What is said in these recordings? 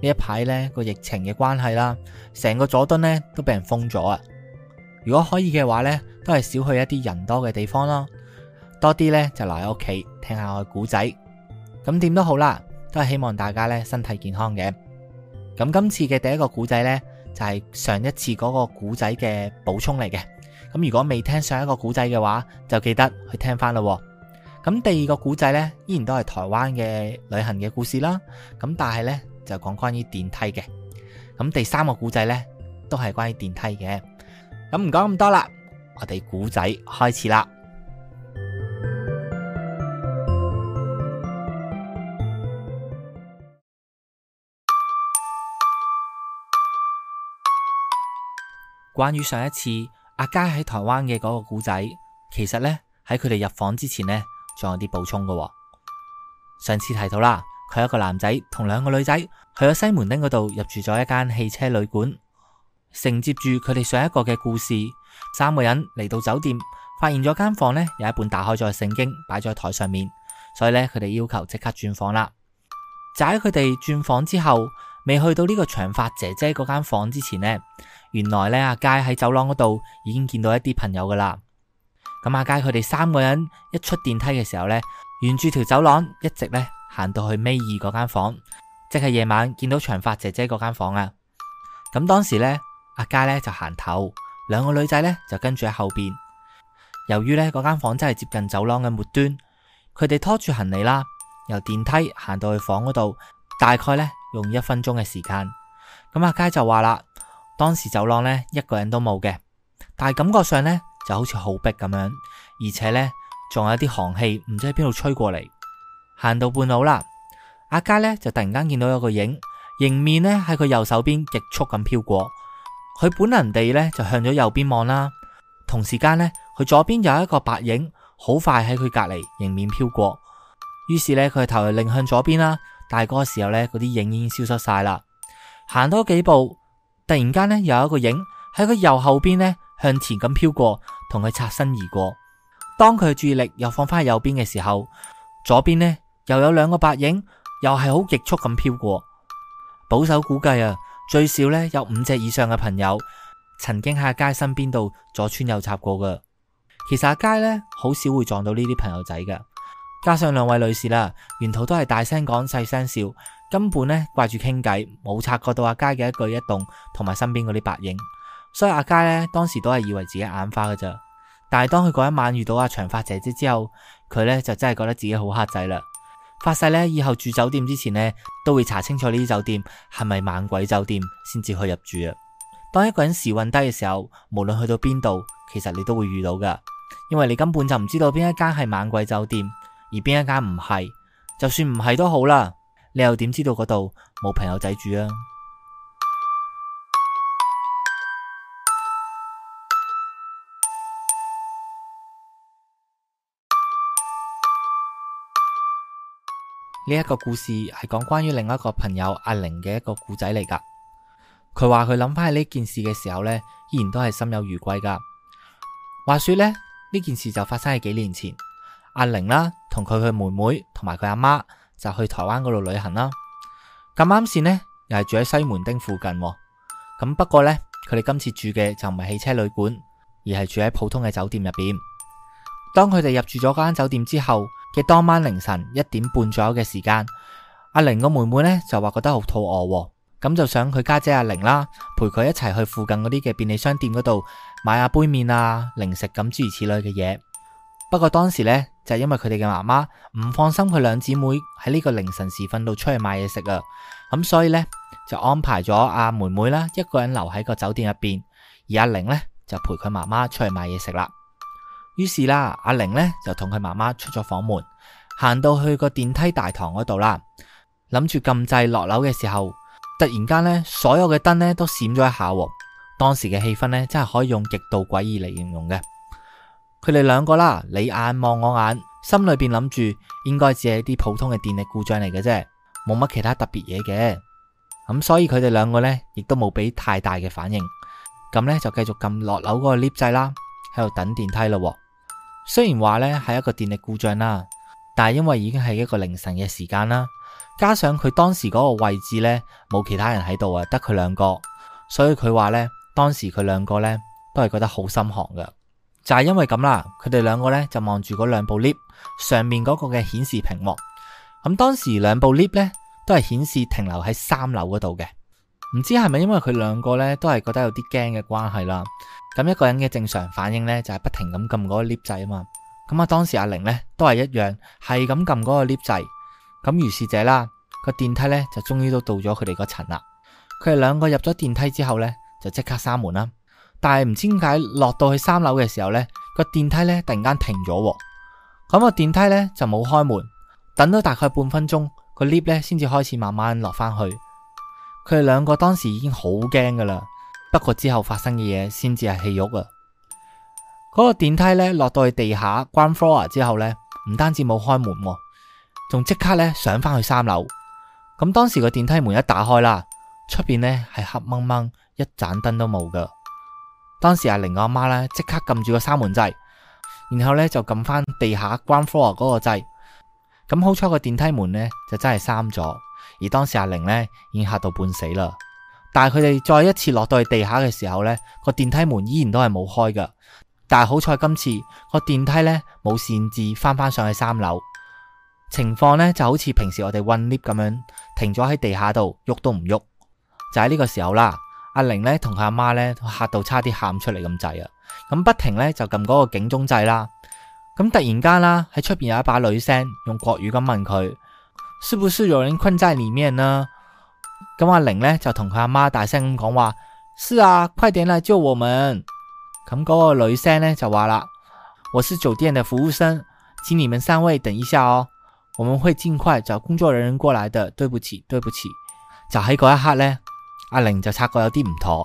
呢一排呢個疫情嘅關係啦，成個佐敦呢都俾人封咗啊。如果可以嘅話呢，都係少去一啲人多嘅地方咯。多啲呢，就留喺屋企聽下我嘅故仔。咁點都好啦，都係希望大家呢身體健康嘅。咁今次嘅第一個古仔呢，就係上一次嗰個古仔嘅補充嚟嘅。咁如果未聽上一個古仔嘅話，就記得去聽翻咯。咁第二個古仔呢，依然都係台灣嘅旅行嘅故事啦。咁但係呢，就講關於電梯嘅，咁第三個古仔呢，都係關於電梯嘅，咁唔講咁多啦，我哋古仔開始啦。關於上一次阿佳喺台灣嘅嗰個古仔，其實呢，喺佢哋入房之前呢，仲有啲補充㗎喎。上次提到啦。佢一個男仔，同兩個女仔去咗西門町嗰度入住咗一間汽車旅館，承接住佢哋上一個嘅故事。三個人嚟到酒店，發現咗間房呢，有一本打開咗嘅聖經擺在台上面，所以咧佢哋要求即刻轉房啦。就喺佢哋轉房之後，未去到呢個長髮姐姐嗰間房之前呢，原來呢，阿佳喺走廊嗰度已經見到一啲朋友噶啦。咁阿佳佢哋三個人一出電梯嘅時候呢，沿住條走廊一直呢。行到去尾二嗰間房，即係夜晚見到長髮姐姐嗰間房啊！咁當時呢，阿佳呢就行頭，兩個女仔呢就跟住喺後邊。由於呢嗰間房真係接近走廊嘅末端，佢哋拖住行李啦，由電梯行到去房嗰度，大概呢用一分鐘嘅時間。咁、嗯、阿佳就話啦，當時走廊呢，一個人都冇嘅，但係感覺上呢，就好似好逼咁樣，而且呢，仲有啲寒氣唔知喺邊度吹過嚟。行到半路啦，阿佳咧就突然間見到有個影，迎面咧喺佢右手邊極速咁飄過，佢本能地咧就向咗右邊望啦。同時間咧，佢左邊有一個白影，好快喺佢隔籬迎面飄過，於是咧佢頭又擰向左邊啦。但係嗰個時候咧，嗰啲影已經消失晒啦。行多幾步，突然間咧又有一個影喺佢右後邊咧向前咁飄過，同佢擦身而過。當佢注意力又放翻喺右邊嘅時候，左邊咧。又有兩個白影，又係好極速咁飄過。保守估計啊，最少呢有五隻以上嘅朋友曾經喺阿佳身邊度左穿右插過嘅。其實阿佳呢，好少會撞到呢啲朋友仔嘅，加上兩位女士啦，沿途都係大聲講細聲笑，根本呢掛住傾偈，冇察覺到阿佳嘅一舉一動同埋身邊嗰啲白影。所以阿佳呢，當時都係以為自己眼花噶咋。但係當佢嗰一晚遇到阿長髮姐姐之後，佢呢就真係覺得自己好黑仔啦。發誓咧，以後住酒店之前呢，都會查清楚呢啲酒店係咪猛鬼酒店先至可以入住啊！當一個人時運低嘅時候，無論去到邊度，其實你都會遇到噶，因為你根本就唔知道邊一間係猛鬼酒店，而邊一間唔係，就算唔係都好啦，你又點知道嗰度冇朋友仔住啊？呢一個故事係講關於另一個朋友阿玲嘅一個故仔嚟噶。佢話佢諗翻起呢件事嘅時候呢，依然都係心有餘悸噶。話說呢，呢件事就發生喺幾年前，阿玲啦同佢嘅妹妹同埋佢阿媽就去台灣嗰度旅行啦。咁啱線呢，又係住喺西門町附近啊。咁不過呢，佢哋今次住嘅就唔係汽車旅館，而係住喺普通嘅酒店入邊。當佢哋入住咗嗰間酒店之後，嘅當晚凌晨一點半左右嘅時間，阿玲個妹妹咧就話覺得好肚餓，咁、嗯、就想佢家姐、姐阿玲啦，陪佢一齊去附近嗰啲嘅便利商店嗰度買下杯麵啊、零食咁、啊、諸、啊、如此類嘅嘢。不過當時咧就是、因為佢哋嘅媽媽唔放心佢兩姊妹喺呢個凌晨時分度出去買嘢食啊，咁、嗯、所以咧就安排咗阿、啊、妹妹啦一個人留喺個酒店入邊，而阿玲咧就陪佢媽媽出去買嘢食啦。於是啦，阿玲咧就同佢媽媽出咗房門，行到去個電梯大堂嗰度啦，諗住撳掣落樓嘅時候，突然間咧，所有嘅燈咧都閃咗一下哦。當時嘅氣氛咧真係可以用極度詭異嚟形容嘅。佢哋兩個啦，你眼望我眼，心裏邊諗住應該只係啲普通嘅電力故障嚟嘅啫，冇乜其他特別嘢嘅。咁所以佢哋兩個咧亦都冇俾太大嘅反應，咁咧就繼續撳落樓嗰個 lift 掣啦，喺度等電梯咯。雖然話咧係一個電力故障啦，但係因為已經係一個凌晨嘅時間啦，加上佢當時嗰個位置咧冇其他人喺度啊，得佢兩個，所以佢話咧當時佢兩個咧都係覺得好心寒噶，就係因為咁啦，佢哋兩個咧就望住嗰兩部 lift 上面嗰個嘅顯示屏幕，咁當時兩部 lift 咧都係顯示停留喺三樓嗰度嘅。唔知係咪因為佢兩個咧都係覺得有啲驚嘅關係啦，咁一個人嘅正常反應咧就係不停咁撳嗰個 lift 掣啊嘛，咁啊當時阿玲咧都係一樣，係咁撳嗰個 lift 掣，咁如是者啦，個電梯咧就終於都到咗佢哋個層啦，佢哋兩個入咗電梯之後咧就即刻閂門啦，但係唔知點解落到去三樓嘅時候咧個電梯咧突然間停咗，咁個電梯咧就冇開門，等到大概半分鐘個 lift 咧先至開始慢慢落翻去。佢哋兩個當時已經好驚噶啦，不過之後發生嘅嘢先至係戲肉啊！嗰個電梯咧落到去地下 ground floor 之後咧，唔單止冇開門，仲即刻咧上翻去三樓。咁當時個電梯門一打開啦，出邊咧係黑掹掹，一盞燈都冇噶。當時阿玲個阿媽咧即刻撳住個閂門掣，然後咧就撳翻地下 ground floor 嗰個掣。咁好彩個電梯門咧就真係閂咗。而當時阿玲咧，已經嚇到半死啦。但係佢哋再一次落到去地下嘅時候咧，個電梯門依然都係冇開嘅。但係好彩今次個電梯咧冇擅自翻翻上去三樓，情況咧就好似平時我哋韞 lift 咁樣停咗喺地下度，喐都唔喐。就喺呢個時候啦，阿玲咧同佢阿媽咧嚇到差啲喊出嚟咁滯啊！咁不停咧就撳嗰個警鐘掣啦。咁突然間啦，喺出邊有一把女聲用國語咁問佢。是不是有人困在裏面呢？咁阿玲呢就同佢阿媽大聲咁講話，是啊，快點來救我們！咁嗰個女聲呢就話啦，我是酒店的服務生，請你們三位等一下哦，我們會盡快找工作人員過來的，對不起，對不起。」就喺嗰一刻呢，阿玲就察覺有啲唔妥，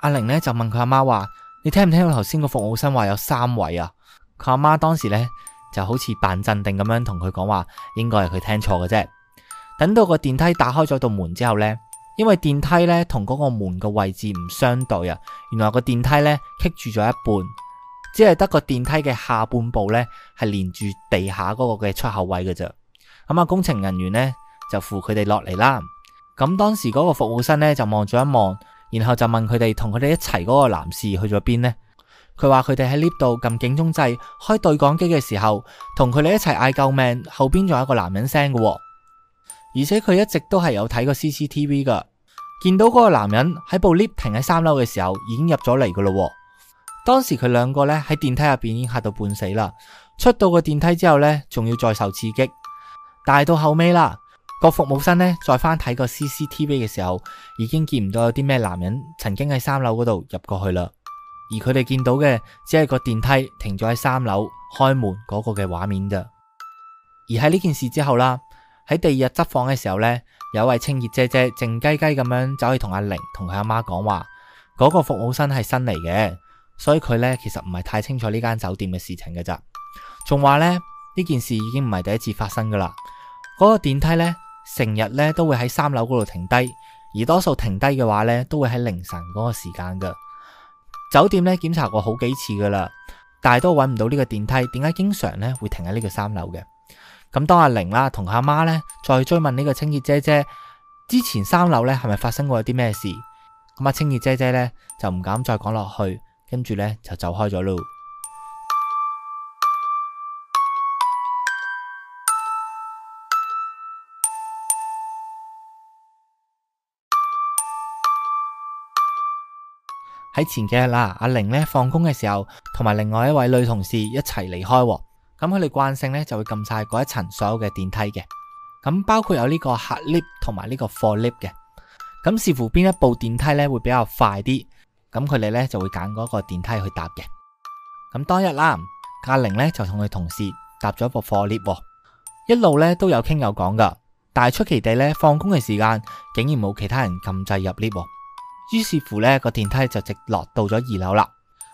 阿玲呢就問佢阿媽話，你聽唔聽到頭先個服務生話有三位啊？佢阿媽當時呢，就好似扮鎮定咁樣同佢講話，應該係佢聽錯嘅啫。等到個電梯打開咗道門之後呢，因為電梯呢同嗰個門嘅位置唔相對啊，原來個電梯呢棘住咗一半，只係得個電梯嘅下半部呢係連住地下嗰個嘅出口位嘅啫。咁啊，工程人員呢就扶佢哋落嚟啦。咁當時嗰個服務生呢就望咗一望，然後就問佢哋同佢哋一齊嗰個男士去咗邊呢？佢話佢哋喺 lift 度撳警鐘掣、開對講機嘅時候，同佢哋一齊嗌救命，後邊仲有一個男人聲嘅，哦，而且佢一直都係有睇過 CCTV 噶，見到嗰個男人喺部 lift 停喺三樓嘅時候，已經入咗嚟噶啦。當時佢兩個咧喺電梯入邊已經嚇到半死啦，出到個電梯之後咧，仲要再受刺激。但係到後尾啦，個服務生咧再翻睇個 CCTV 嘅時候，已經見唔到有啲咩男人曾經喺三樓嗰度入過去啦。而佢哋見到嘅只係個電梯停咗喺三樓開門嗰個嘅畫面咋。而喺呢件事之後啦，喺第二日執房嘅時候呢，有位清潔姐姐靜雞雞咁樣走去同阿玲同佢阿媽講話，嗰個服務生係新嚟嘅，所以佢呢其實唔係太清楚呢間酒店嘅事情嘅咋。仲話呢，呢件事已經唔係第一次發生噶啦。嗰個電梯呢，成日呢都會喺三樓嗰度停低，而多數停低嘅話呢，都會喺凌晨嗰個時間噶。酒店咧檢查過好幾次噶啦，但係都揾唔到呢個電梯，點解經常咧會停喺呢個三樓嘅？咁當阿、啊、玲啦同阿媽咧再追問呢個清潔姐姐，之前三樓咧係咪發生過啲咩事？咁、嗯、阿清潔姐姐咧就唔敢再講落去，跟住咧就走開咗咯。前幾日啦，阿玲咧放工嘅時候，同埋另外一位女同事一齊離開，咁佢哋慣性咧就會撳晒嗰一層所有嘅電梯嘅，咁包括有呢個客 lift 同埋呢個貨 lift 嘅，咁視乎邊一部電梯咧會比較快啲，咁佢哋咧就會揀嗰個電梯去搭嘅，咁當日啦，阿玲咧就同佢同事搭咗一部貨 lift，一路咧都有傾有講噶，但係出奇地咧放工嘅時間竟然冇其他人撳掣入 lift。於是乎咧，個電梯就直落到咗二樓啦。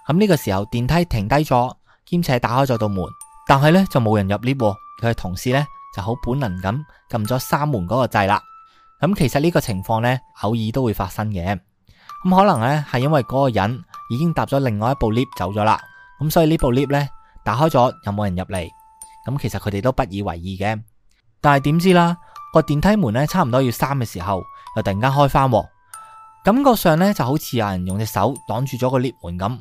咁、這、呢個時候，電梯停低咗，兼且打開咗道門，但係呢，就冇人入 lift。佢嘅同事呢，就好本能咁撳咗閂門嗰個掣啦。咁其實呢個情況呢，偶爾都會發生嘅。咁可能呢，係因為嗰個人已經搭咗另外一部 lift 走咗啦。咁所以呢部 lift 咧打開咗又冇人入嚟。咁其實佢哋都不以為意嘅。但係點知啦，個電梯門呢，差唔多要閂嘅時候，又突然間開翻。感覺上咧就好似有人用隻手擋住咗個 lift 門咁，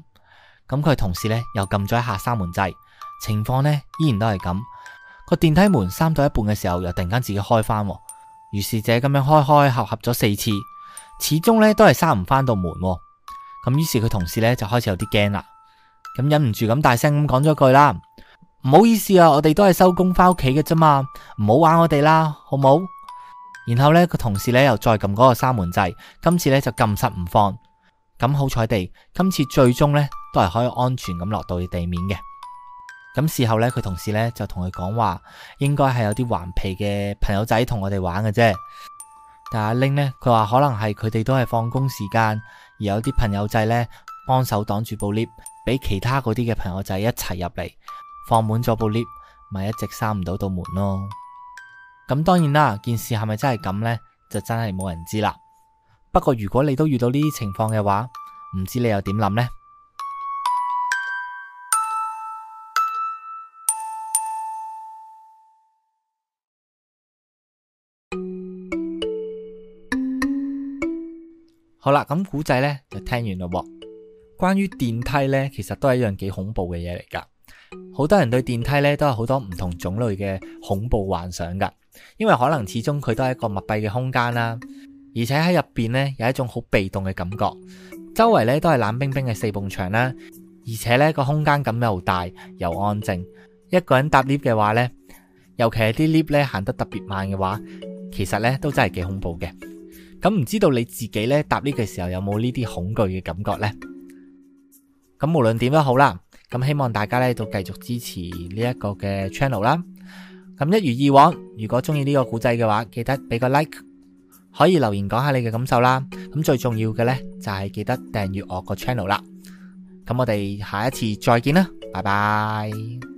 咁佢同事咧又撳咗一下閂門掣，情況咧依然都係咁，個電梯門閂到一半嘅時候又突然間自己開翻，如是者，咁樣開開合合咗四次，始終咧都係閂唔翻到門，咁於是佢同事咧就開始有啲驚啦，咁忍唔住咁大聲咁講咗句啦：唔好意思啊，我哋都係收工翻屋企嘅啫嘛，唔好玩我哋啦，好冇？然後呢，個同事呢又再撳嗰個閂門掣，今次呢就撳實唔放。咁好彩地，今次最終呢都係可以安全咁落到地面嘅。咁事後呢，佢同事呢就同佢講話，應該係有啲頑皮嘅朋友仔同我哋玩嘅啫。但阿玲呢，佢話可能係佢哋都係放工時間，而有啲朋友仔呢幫手擋住部 lift，俾其他嗰啲嘅朋友仔一齊入嚟，放滿咗部 lift，咪一直閂唔到度門咯。咁當然啦，件事係咪真係咁呢？就真係冇人知啦。不過如果你都遇到呢啲情況嘅話，唔知你又點諗呢？ 好啦，咁古仔呢就聽完啦。關於電梯呢，其實都係一樣幾恐怖嘅嘢嚟噶。好多人對電梯咧，都係好多唔同種類嘅恐怖幻想㗎，因為可能始終佢都係一個密閉嘅空間啦，而且喺入邊呢，有一種好被動嘅感覺，周圍呢都係冷冰冰嘅四埲牆啦，而且呢個空間感又大又安靜，一個人搭 lift 嘅話呢，尤其係啲 lift 咧，行得特別慢嘅話，其實呢都真係幾恐怖嘅。咁唔知道你自己呢搭 lift 嘅時候有冇呢啲恐懼嘅感覺呢？咁無論點都好啦。咁希望大家咧都繼續支持呢一個嘅 channel 啦。咁一如以往，如果中意呢個古仔嘅話，記得俾個 like，可以留言講下你嘅感受啦。咁最重要嘅，呢，就係記得訂閱我個 channel 啦。咁我哋下一次再見啦，拜拜。